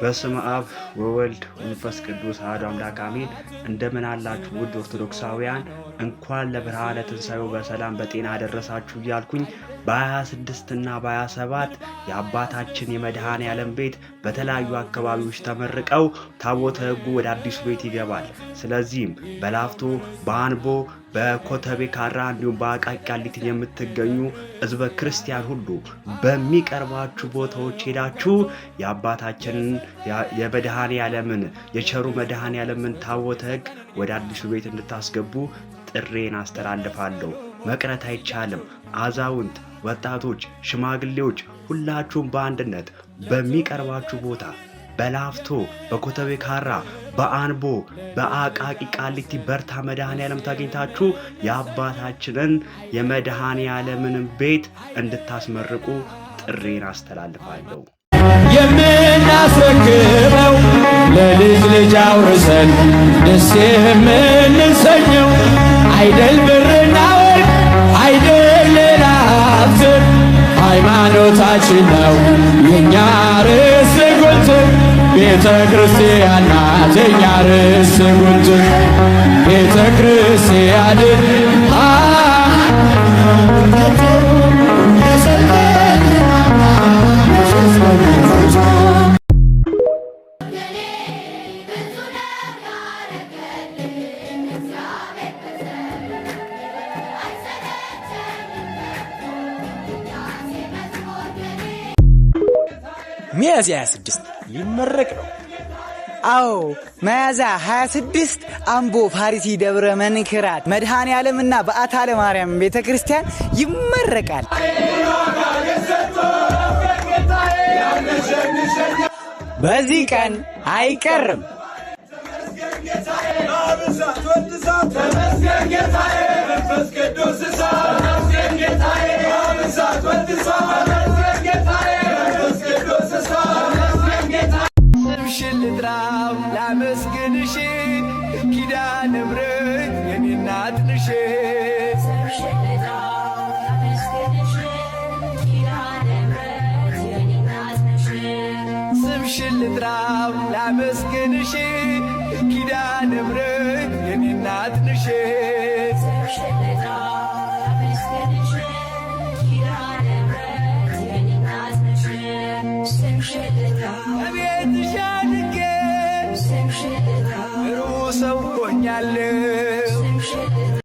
በስም አብ ወወልድ ወመንፈስ ቅዱስ አሐዱ አምላክ አሜን። እንደምን አላችሁ ውድ ኦርቶዶክሳውያን፣ እንኳን ለብርሃነ ትንሣኤው በሰላም በጤና አደረሳችሁ እያልኩኝ በ26 ና በ27 የአባታችን የመድኃኔ ዓለም ቤት በተለያዩ አካባቢዎች ተመርቀው ታቦተ ሕጉ ወደ አዲሱ ቤት ይገባል። ስለዚህም በላፍቶ በአንቦ በኮተቤ ካራ እንዲሁም በአቃቂ ቃሊቲ የምትገኙ ሕዝበ ክርስቲያን ሁሉ በሚቀርባችሁ ቦታዎች ሄዳችሁ የአባታችንን የመድኃኔ ዓለምን የቸሩ መድኃኔ ዓለምን ታቦተ ሕግ ወደ አዲሱ ቤት እንድታስገቡ ጥሬን አስተላልፋለሁ። መቅረት አይቻልም። አዛውንት፣ ወጣቶች፣ ሽማግሌዎች ሁላችሁም በአንድነት በሚቀርባችሁ ቦታ በላፍቶ፣ በኮተቤ ካራ፣ በአንቦ፣ በአቃቂ ቃሊቲ፣ በርታ መድኃኔ ዓለም ታገኝታችሁ የአባታችንን የመድኃኔ ዓለምንም ቤት እንድታስመርቁ ጥሬን አስተላልፋለሁ። የምናስረክበው ለልጅ ልጅ አውርሰን ደስ የምንሰኘው አይደል ሕይወታችን ነው የእኛ ርዕስ ጉልት ቤተ ክርስቲያን ናት የእኛ ርዕስ ጉልት ቤተ ክርስቲያን ሚያዝያ 26 ሊመረቅ ነው። አዎ መያዛ 26 አምቦ ፋሪሲ ደብረ መንክራት መድኃኔ ዓለምና በዓታ ለማርያም ቤተ ክርስቲያን ይመረቃል። በዚህ ቀን አይቀርም። ተመስገን ጌታዬ መንፈስ ቅዱስ ንብረት የኔና ትንሽ ስምሽን ልጥራው ላመስግንሽ ኪዳነ ምሕረት የኔና ትንሽ ቤትሽ عليه